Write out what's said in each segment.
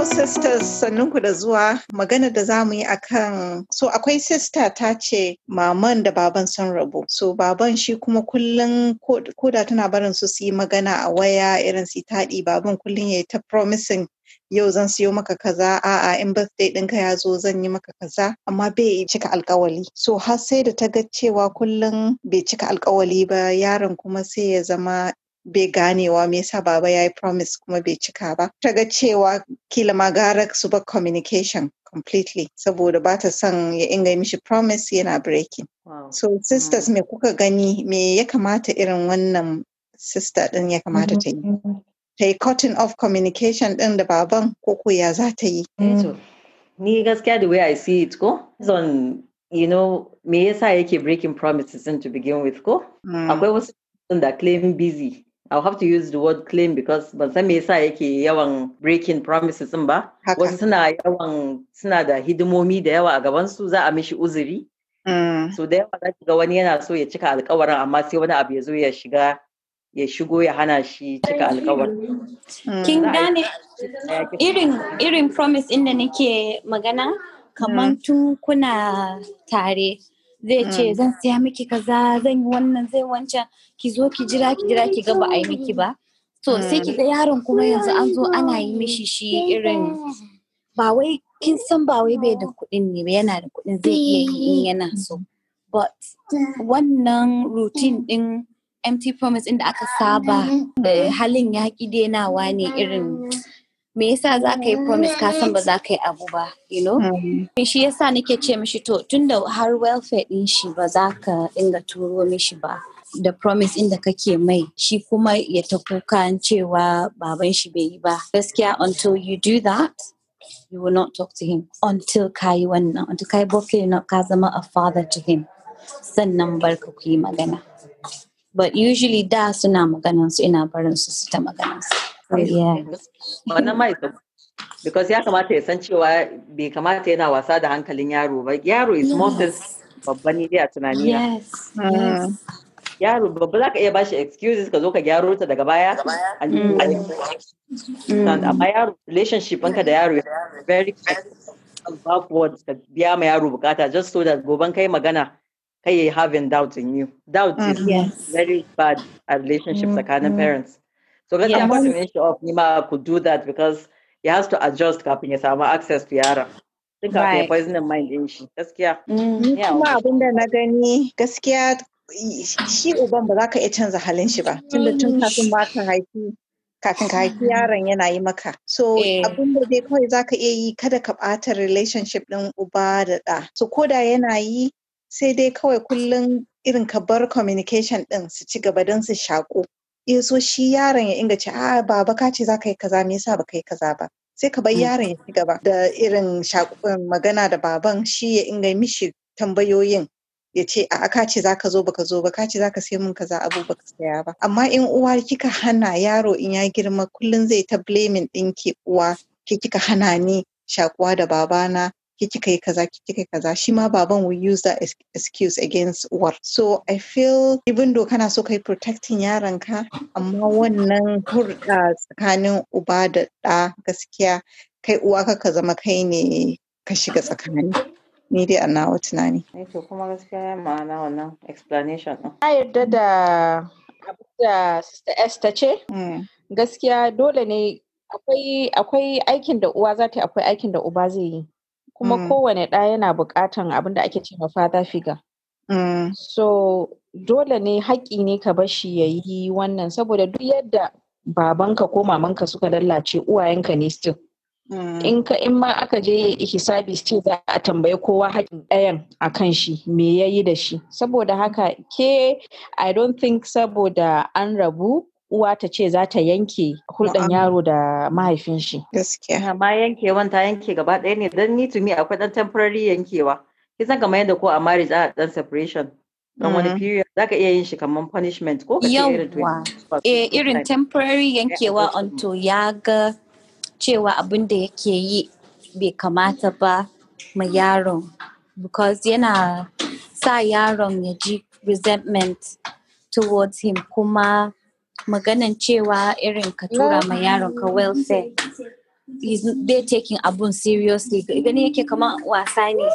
yau sisters sannunku da zuwa magana da za mu yi akan so akwai sista ta ce maman da baban sun rabu so baban shi kuma kullum koda tana barin su su yi magana a waya irin su taɗi baban kullum ya yi ta promising yau zan siyo maka kaza a'a in birthday ɗinka ya zo zan yi maka kaza amma bai cika alkawali so har sai da ta ga cewa kullum bai cika alkawali ba yaron kuma sai ya zama bai ganewa me yasa baba ya yi promise kuma bai cika ba ta ga cewa kila ma gara su ba communication completely saboda ba ta son ya inga mishi promise yana breaking so sisters hmm. me kuka gani me ya kamata irin wannan sister din ya kamata ta yi mm-hmm. ta yi cutting off communication din da baban ko ya za ta yi mm. ni gaskiya the way i see it ko on you know me yasa yake breaking promises to begin with ko hmm. akwai wasu da claim busy I'll have to use the word claim because ban san me yasa yake yawan breaking promises din ba. Wasu suna yawan suna da hidimomi da yawa a gaban su za a mishi uzuri. Mm. So da yawa za ga wani yana so ya cika alkawarin amma sai wani abu ya zo ya shiga ya shigo ya hana shi cika alkawarin. Mm. Kin gane irin irin promise inda nake magana kamar mm. tun kuna tare. zai mm. ce zan siya miki kaza zan yi wannan zai wancan ki zo ki jira ki jira ki ga ba a yi miki ba to sai mm. ki ga yaron kuma yanzu an zo ana yi mishi shi irin ba wai kin san ba wai bai da kuɗin ne ba yana da kuɗin zai iya yi eh. yana so but wannan routine din empty promise inda aka saba mm. eh, halin yaƙi denawa ne irin me yasa za ka yi promise ka san ba za ka yi abu ba you know mm. shi yasa nake ce mishi to tunda har welfare din shi ba za ka dinga turo mishi ba da promise inda kake mai shi kuma ya ta kukan cewa baban shi bai yi ba gaskiya until you do that you will not talk to him until kai yi wannan until kai yi na ka zama a father to him sannan barka ku yi magana but usually da suna maganan su ina barin su su ta maganan yeah wannan ma ita because ya kamata ya san cewa bai kamata yana wasa da hankalin yaro ba yaro is moses babban ne a tunani hmm. yaro babba za ka iya bashi excuses ka zo ka gyaro ta daga baya hmm. hmm. amma yaro relationship ɗinka da yaro very backward ka biya ma yaro bukata just so that goban kai magana kai ya having doubt in you doubt is very bad a relationship tsakanin parents So yes. I'm going to make sure Nima could do that because he has to adjust kafin ya access to yaron. Tun kafin ya poison mind din shi. Gaskiya. Yeah. abin da na gani gaskiya shi uban ba za ka iya canza halin shi ba. Tunda tun kafin ma ka haifi kafin ka haifi yaron yana yi maka. So eh. abin da dai kawai za ka iya yi kada ka ɓata relationship ɗin uba da ɗa. So koda da yana yi sai dai kawai kullum irin ka bar communication ɗin su ci gaba don su shaƙo. ya so shi yaron ya inga ce a baba ka ce za yi kaza me yasa ba yi kaza ba sai ka bar mm. yaron ya ci gaba da irin eh, magana da baban shi ya inga mishi tambayoyin ya ce a ka ce za ka zo baka zo ba ka ce za ka sai mun kaza abu baka saya ba amma in uwa kika hana yaro in ya girma kullum zai ta blaming din ki uwa ki kika hana ni shakuwa da babana ki kika yi kaza ki kika kaza shi ma baban will use that excuse against war so i feel even though kana so kai protecting ka. amma wannan hurda tsakanin uba da ɗa gaskiya kai uwa ka zama kai ne ka shiga tsakani ni dai ana wa tunani. Eh to kuma gaskiya ya ma'ana wannan explanation ɗin. Na yarda da abu da Sister S ta ce, hmm. gaskiya dole ne akwai aikin da uwa za ta yi akwai aikin da uba zai yi. kuma mm. kowane ɗa yana buƙatan abin da ake cewa father figure mm. so dole ne haƙƙi ne ka bashi ya yi wannan saboda duk yadda babanka ko mamanka suka lallace uwayenka ne still in mm. ka in ma aka je hisabi ce za a tambayi kowa haƙin ɗayan a kan shi me ya yi da shi saboda haka ke i don't think saboda an rabu uwa ta ce za ta yanke hulɗan yaro da mahaifin shi. Gaskiya. Ma yankewan ta yanke gaba ɗaya ne don ni tumi akwai ɗan temporary yankewa. san kamar yadda ko a marriage a ɗan separation. Don wani mm-hmm. period za ka iya yin shi kamar punishment ko ka ce irin Eh irin temporary eh, yankewa onto ya ga cewa abin da yake yi bai kamata ba ma yaron. Because yana sa yaron ya ji resentment towards him kuma maganan cewa irin ka tura ma yaron ka welfare they're taking abun seriously gani yake kamar wasa ne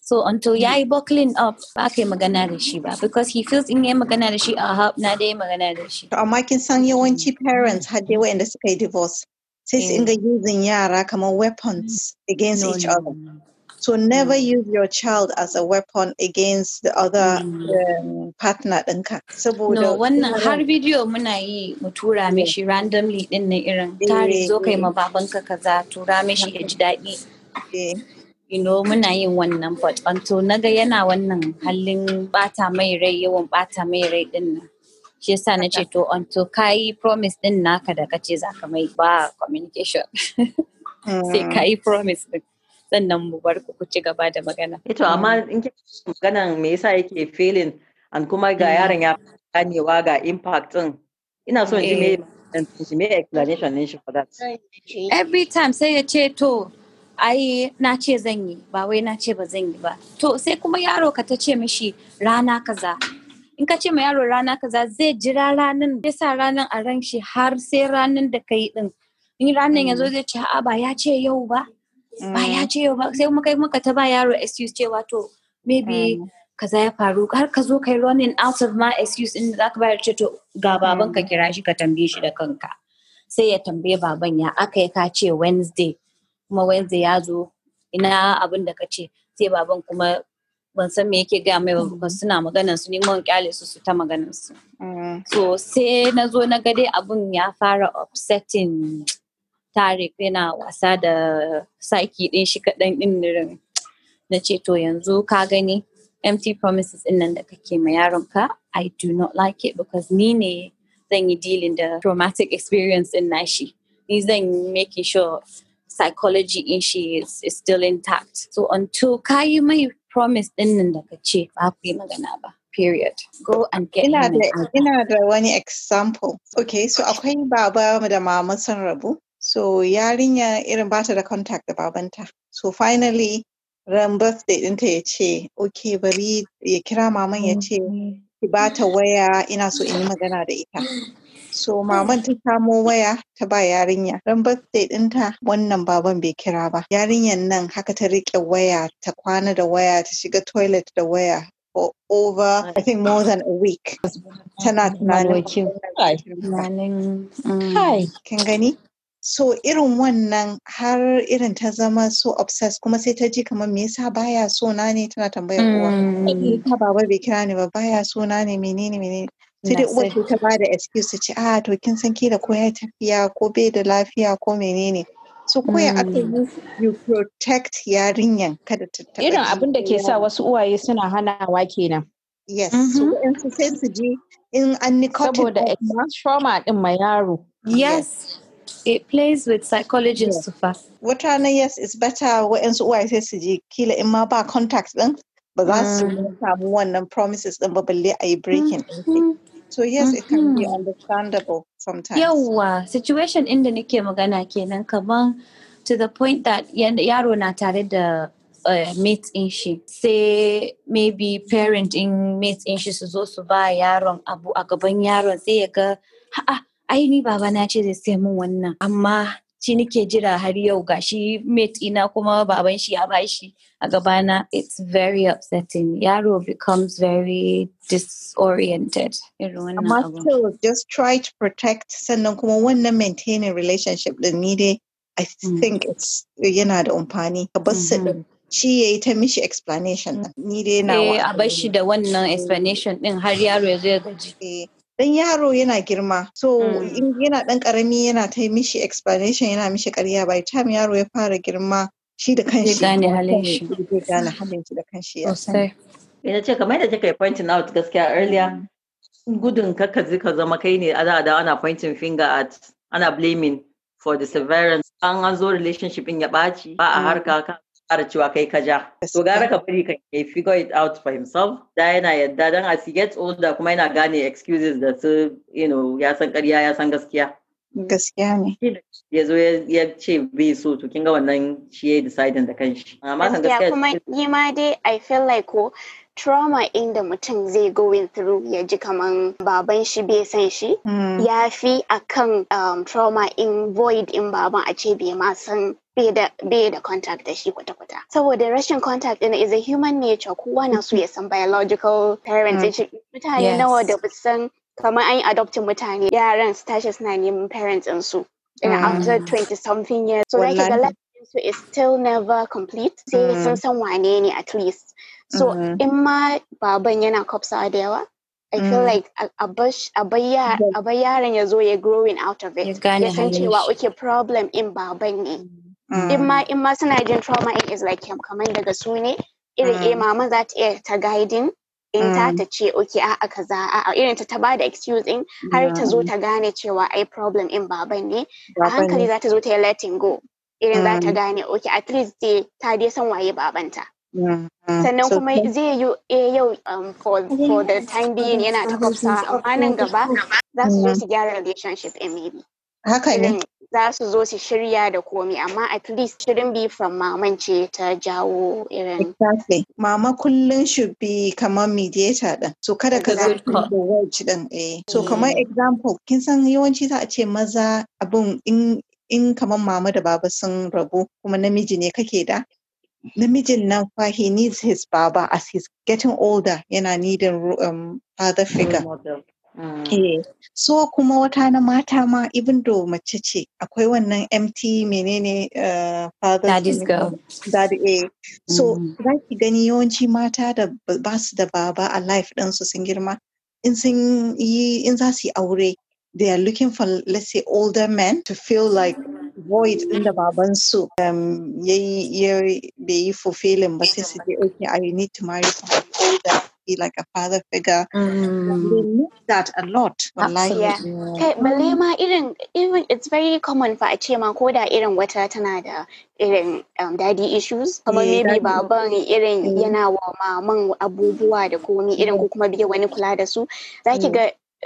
so until ya yi buckling up ba ka yi magana da shi ba because he feels in yi magana da shi a hub na da yi magana da shi amma kin san yawanci parents har dai wayanda suka yi divorce sai in eh. inga using yara kamar weapons mm. against each other so never mm. use your child as a weapon against the other mm. um, partner ɗinka. Saboda no, wannan har bidiyo muna yi mu tura eh. mishi randomly ɗin na irin tare eh, zo kai eh. ma babanka kaza tura mishi ya ji daɗi. You know muna yin wannan but until naga yana wannan halin bata mai rai yawan bata mai rai ɗin nan. shi yasa na ce to until ka yi promise din naka da kace za ka mai ba communication sai ka mm. yi promise din sannan mu bar ku ci gaba da magana. Ito eh amma in ki magana me yasa yake filin an kuma ga mm. yaron ya ganewa ga impact din. Ina so in ji me eh. me explanation ne shi for that. Every time sai ya ce to ai na ce zan yi ba wai na ce ba zan yi ba. To sai kuma yaro ka ta ce mishi rana kaza in ka ce ma yaro rana kaza zai jira ranan zai sa ranan a ran shi har sai ranan da ka yi din in ranan ya zo mm. zai ce a'a ba ya ce yau ba ba ya ce mm. ba sai kai muka ta ba yaro excuse cewa to maybe mm. kaza ya faru har ka zo kai running out of my excuse in zaka bayar ce to ga baban ka mm. kira shi ka tambaye shi da kanka sai ya tambaye baban ya aka yi ka ce Wednesday kuma Wednesday ya zo ina abin da ka ce sai baban kuma ban san me yake ga mai ba suna maganan su neman kyale su su ta maganar su so sai na zo na ga dai abun ya fara upsetting Tarik yana wasa da saki ɗin shi kaɗan ɗin nirin. Na ce to yanzu ka gani empty promises ɗin nan da kake ma yaronka I do not like it because ni ne zan yi dealing da traumatic experience ɗin nashi. Ni zan making sure psychology in she is, is still intact. So until kayi mai promise ɗin nan da ka ce ba ku yi magana ba. period. Go and get ina da, ina da wani example. Okay, so akwai baba da mama sun rabu. So yarinya irin ba ta da contact da babanta. So finally ran birthday ɗinta ya ce, "Ok, bari ya kira maman ya ce, ki ba ta waya ina so in yi magana da ita." So maman ta samo waya ta ba yarinya. Ran birthday ɗinta wannan baban bai kira ba. Yarinyan nan haka ta riƙe waya, ta kwana da waya, ta shiga toilet da waya, for over I think more than a week. Tana tunanin. Mm. Kin gani? so irin wannan har irin ta zama so obsessed kuma sai ta ji kamar me yasa baya so na ne tana tambayar uwa ta mm. baba bai kira ni ba baya so na ne menene menene sai dai uwa ta ba da excuse ce ah to kin san da ko ya tafiya ko bai da lafiya ko menene so ko ya aka yi mm. you protect yarinyan kada ta taba irin abin da ke sa wasu uwaye suna hanawa kenan yes so in mm-hmm. su sai su ji in an nicotin saboda trauma din ma yaro yes it plays with psychology yeah. What I know, yes it's better when uwaye sai su you, kila in ma ba contact din ba za su promises din ba balle breaking mm-hmm. so yes it can be mm-hmm. understandable sometimes Yeah, situation in the nake magana kenan kaman to the point that yaro na the uh, eh, mate in shi maybe parenting in mate in shi su also by yaron abu a gaban yaron aini ni babana ce zai sai mun wannan amma shi nake jira har yau gashi mate ina kuma baban shi ya bashi a gabana it's very upsetting yaro becomes very disoriented amma still just try to protect sannan kuma wannan maintaining relationship din ni dai i mm. think it's yana da amfani ka bar su din mm-hmm. shi yayi ta mishi explanation mm. ni dai nawa eh a bar shi da wannan explanation din har yaro ya zo ya gaji eh. dan yaro yana girma so mm. in yana dan karami yana ta mishi explanation yana mishi karya by time yaro ya fara girma shi da kanshi zai gane halin shi zai gane halin shi da kanshi ya sai ina ce kamar da kika pointing out gaskiya earlier mm. gudun kaka zika zama kai ne a da ana pointing finger at ana blaming for the severance an an zo relationship ya baci ba a mm. harka ka har cewa kai ka ja. To gara ka bari ka yi figure it out for himself. Da yana yadda don as he gets older kuma yana gane excuses da su you know ya san ƙarya ya san gaskiya. Gaskiya ne. Ya zo ya ce bai so to kin ga wannan shi ya deciding da kanshi. Amma kan gaskiya. kuma ni ma dai I feel like ko oh, trauma in inda mutum zai going through ya ji kaman baban shi bai san shi hmm. ya fi akan um, trauma in void in baban a ce bai ma san be the be the contact that da shi So with the Russian contact din is a human nature kowa na so ya san biological parents mm. mutane nawa da san kamar an yi adoptin mutane yaran su tashi suna neman parents din su. Mm. after 20 something years. So like the life so is still never complete sai mm. sun san wane ne at least. So mm-hmm. in ma baban yana kwafsa da yawa I feel mm. like a bush a bayar, a bayar, and zo ya growing out of it. Ya san cewa okay problem in baban ne. Mm. Mm. in ma in ma suna jin trauma in is like kamar daga su ne irin eh mm. mama za ta iya ta guiding in ta mm. ta ce okay a'a kaza a'a irin ta ta ba da excuse in har ta zo ta gane cewa ai problem in baban ne a hankali za ta zo ta yi letting go irin za ta gane okay at least ta dai san waye babanta mm-hmm. sannan kuma zai yi eh, yau um, for the time being yana ta kofsa amma nan gaba za su zo mm-hmm. su gyara relationship in maybe haka ne za su zo su shirya da komi amma at least shirin bi from maman ce ta jawo irin exactly mama kullum should be kamar mediator din so kada ka ku da wedge din eh so kamar example kin san yawanci za a ce maza abun in in kamar mama da baba sun rabu kuma namiji ne kake da namijin nan fa he needs his baba as he's getting older yana needing um, father figure Eh, mm. so kuma wata na mata ma even do mace ce akwai wannan MT menene eh, father daddy's eh. so mm. za ki gani yawanci mata da ba su da baba a life din su sun girma in sun yi in za su yi aure they are looking for let's say older men to feel like void in da baban su um yayi bai yi fulfilling ba sai su je okay I need to marry somebody older be like a father figure. Mm. We need that a lot. Absolutely. Yeah. Okay, balle ma irin even it's very common for a ce ma ko da irin wata tana da um, daddy issues kamar eh, maybe baban irin eh. yana wa maman abubuwa da komi irin ko kuma bai wani kula da su zaki eh. ga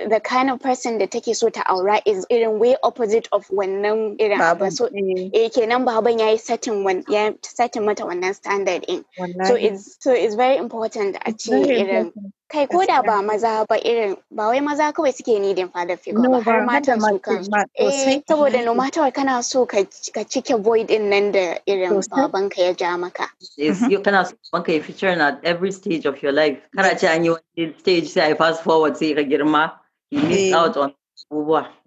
the kind of person da take so ta right is in way opposite of when irin abu so eh. eh kenan baban yayi setting wan ya setting mata wannan standard din so it's so it's very important a ce irin kai ko da ba maza ba irin ba wai maza kawai suke needin father figure ba har matan su kan eh saboda no matter kana so ka cike void din nan da irin baban ka ya ja maka kana so baban ka ya feature at every stage of your life kana ce an yi wani stage sai I fast forward sai ka girma you miss yeah. out on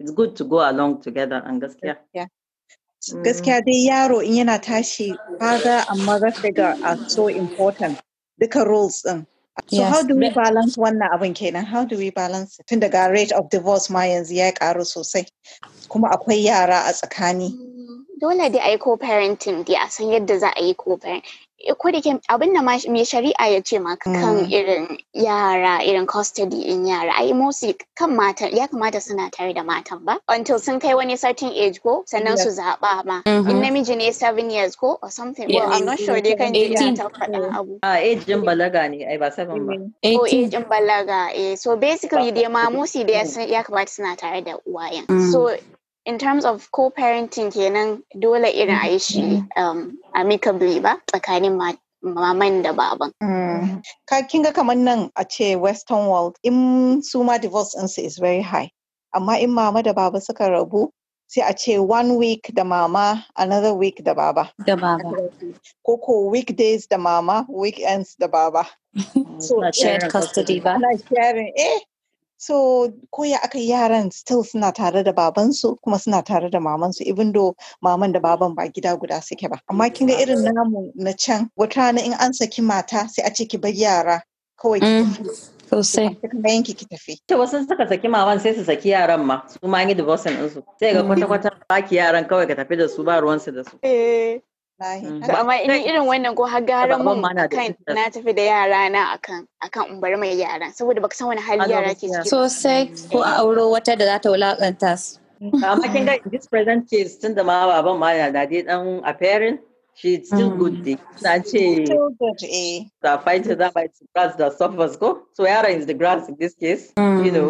it's good to go along together and gaskiya gaskiya mm. dai yaro in yana tashi father and mother figure are so important duka roles din so how do we balance wannan abin kenan how do we balance tun daga rate of divorce ma yanzu ya karu sosai kuma akwai yara a tsakani dole dai a co-parenting dai a san yadda za a yi co-parenting Eh, ko da ke abin da mai shari'a ya ce ma kan mm. irin yara irin custody in yara ai mostly kan mata ya kamata suna tare da matan ba until sun kai wani certain age ko sannan su zaɓa ma in mm-hmm. namiji ne seven years ko or something well I'm not sure dai kan jiya ta faɗa mm. abu a ah, age din balaga ne ai ba 7 ba ko mm. oh, age din balaga eh so basically dai ma mostly dai ya kamata suna tare da uwayen so in terms of co-parenting kenan dole irin a yi shi mm-hmm. um, amicably ba tsakanin maman da baban. Mm-hmm. Ka kin ga kamar nan a ce Western world in su ma divorce ɗinsu is very high. Amma in mama da baba suka rabu sai a ce one week da mama another week da baba. Da baba. Ko ko weekdays da mama weekends da baba. so shared custody ba. Ana sharing eh So koya aka yaran still suna tare da babansu kuma suna tare da mamansu even though maman da baban ba gida guda suke ba. Amma kin ga irin namu na can wata rana in an saki mata sai a ce ki bar yara kawai mm, sosai kuma yanki ki tafi ta wasu suka saki maman sai su saki yaran ma su ma yi divorcing ɗinsu. sai ga mm. kwata kwata ba ki yaran kawai ka tafi da su ba ruwansu da su eh Mm. amma ina irin wannan ko har gara mun kan na tafi da yara na akan akan in bar mai yara saboda baka san wani hali yara ke ciki sosai mm. ko a auro wata da za ta wulakanta su mm. amma kin ga this present case tun da ma baban ma ya dai dan a parent she still good dey na ce the fighter that by grass that suffers go so yara is the grass in this case you know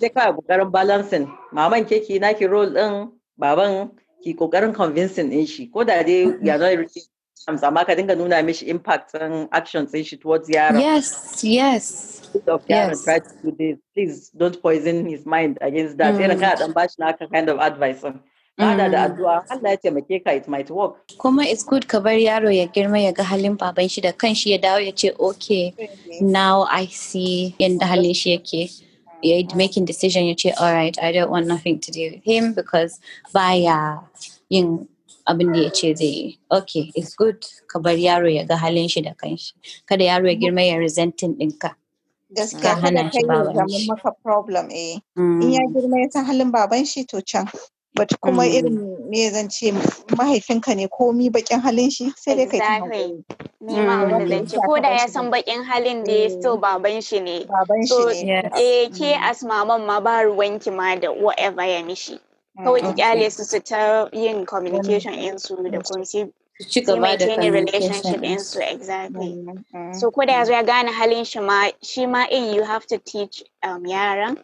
sai kawai kokarin balancing maman na ki role din baban ki kokarin convincing din shi ko da dai mm-hmm. ya zo terms amma ka dinga nuna mishi impact and actions din shi towards yaron yes yes of yes. try to do this please don't poison his mind against that irin mm. ka dan bashi na kind of advice Bada da mm. addu'a Allah ya taimake ka it might work. Kuma it's good ka bar yaro ya girma ya ga halin baban shi da kanshi ya dawo ya ce okay mm-hmm. now I see yanda halin shi yake you're making decision you say all right i don't want nothing to do with him because baya yung abin da ya ce zai okay it's good ka bar yaro ya ga halin shi da kanshi kada yaro ya girma ya resenting ɗinka gaskiya hana shi baban shi problem eh in ya mm. girma ya san halin baban shi to can but kuma mm. irin me zan ce mahaifinka ne komi bakin halin shi sai dai kai exactly ma wanda mm. zan ce ko da ya san bakin halin da ya mm. still baban shi ne baban shi ne eh ke as maman ma ba ruwanki ma da whatever ya mishi kawai ki kyale su su ta yin communication in su da kun sai ci gaba da relationship in su exactly so ko da ya ya gane halin shi ma shi ma in you have to teach um, yaran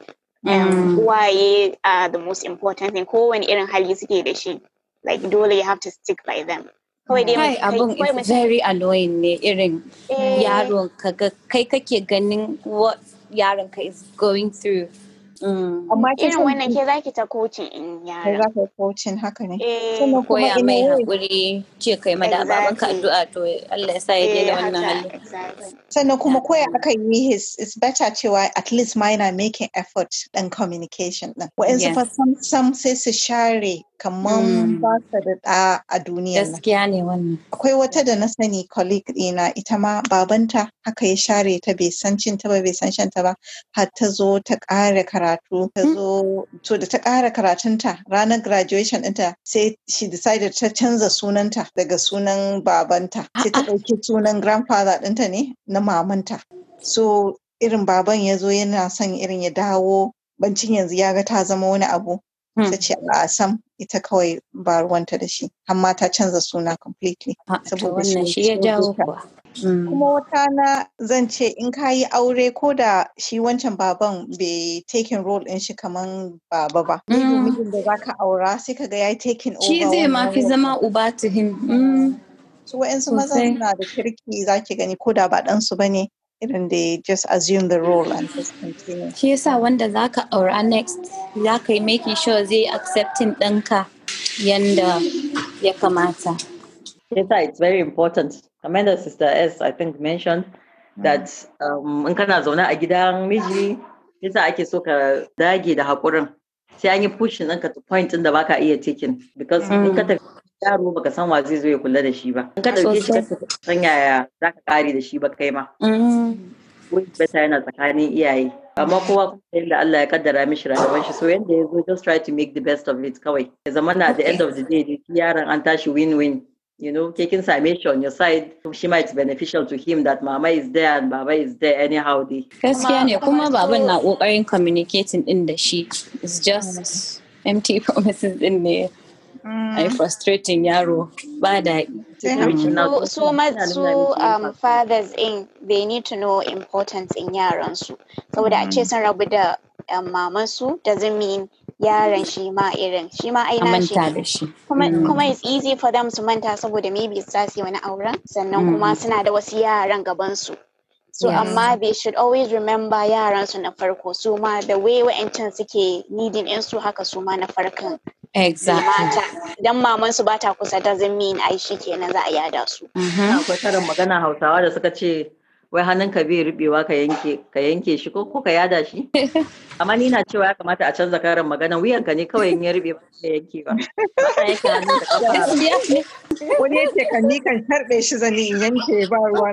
um, mm. who are the most important thing Who when Erin suke da shi like do you have to stick by them kawai dai kai very annoying ne irin eh. yaron ka kai kake ganin what Yarunka is going through Mm. Amma irin wannan ke zaki ta kocin in yara. Kai zaka kocin haka ne. Eh, Sannan kuma ina mai hakuri ce kai mada baban ka addu'a to Allah ya sa ya daina eh, wannan hali. Sannan kuma koya aka yi his it's better cewa at least ma yana making effort dan communication din. su fa sam sai su share kamar mm. ba ta da ɗa a duniya. Gaskiya ne wannan. Akwai wata da na sani colleague ɗina ita ma babanta haka ya share ta bai san cin ta ba bai san shan ta ba har ta zo ta ƙara karatu ta hmm? zo to da ta ƙara karatunta ranar graduation ɗinta sai she decided ta canza sunanta daga sunan babanta sai ta ɗauki sunan grandfather ɗinta ne na mamanta. So irin baban ya zo yana son irin ya dawo bancin yanzu ya ga ta zama wani abu Hmm. ta ce a sam ita kawai ba ruwanta da shi amma ta canza suna completely ah, saboda shi ya jawo hmm. kuma wata na zan ce in ka yi aure ko da shi wancan baban bai taken role in shi kaman baba ba hmm. mijin da za ka aura sai ka ga ya yi taken over shi zai ma zama uba to him su wa'yansu maza suna da kirki za ki gani ko da ba ɗansu ba ne And they just assume the role and just continue. Shi yasa wanda za next Zaka, making sure they accepting ɗanka yanda yakamata. Yes, Yasa it's very important. Kamar Sister S I think mentioned that um, in kana zaune a gidan miji yes, ake so ka dage da haƙurin. Sai an yi pushing ɗinka to point in the baka iya taking because in yaro baka san wa zai zo ya kula da shi ba in ka dauke shi ka san yaya zaka kare da shi ba kai ma mm-hmm. wani bata yana tsakanin iyaye amma kowa kuma yadda Allah ya kaddara mishi rayuwar shi so yanda ya zo just try to make the best of it kawai ya zama na the end of the day yaron an tashi win-win you know, taking summation on your side, she might be beneficial to him that mama is there and baba is there anyhow. They. Gaskiya ne kuma baban na kokarin communicating din da shi. It's just mm. empty promises din ne. mm. ay frustrating yaro mm. ba So they so um, fathers in they need to know importance in yaran su saboda a ce sun rabu da maman su doesn't mean yaran shi ma irin shi ma aina shi kuma mm. kuma it's easy for them su manta saboda maybe za su yi wani auren sannan mm. kuma suna da wasu yaran gaban su so yes. amma they should always remember yaran su na farko So ma the way we wa'ancan suke needing in su haka su ma na farkon Don idan maman su bata kusa ta zimmin ai shi kenan za a yada su mm-hmm. akwai karin magana hausawa da suka ce wai ka bai rubewa ka yanke ka yanke shi ko ka yada shi amma ni na cewa ya kamata a canza karin magana ka ne kawai in ya rube ba ka yanke ba wani ya ce kan ni kan karbe shi zani in yanke ba ruwa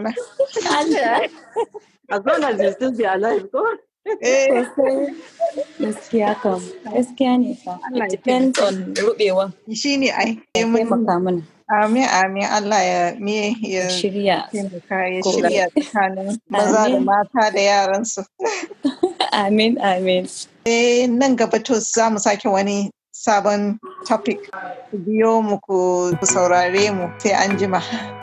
as long as you still be alive ko Eh. gaskiya kam gaskiya ne fa it depends on shi ne ai taimaka mana amin amin Allah ya me ya shirya ya shirya tsakanin maza da mata da amin amin eh nan gaba to za mu sake wani sabon topic biyo mu ku saurare mu sai anjima. jima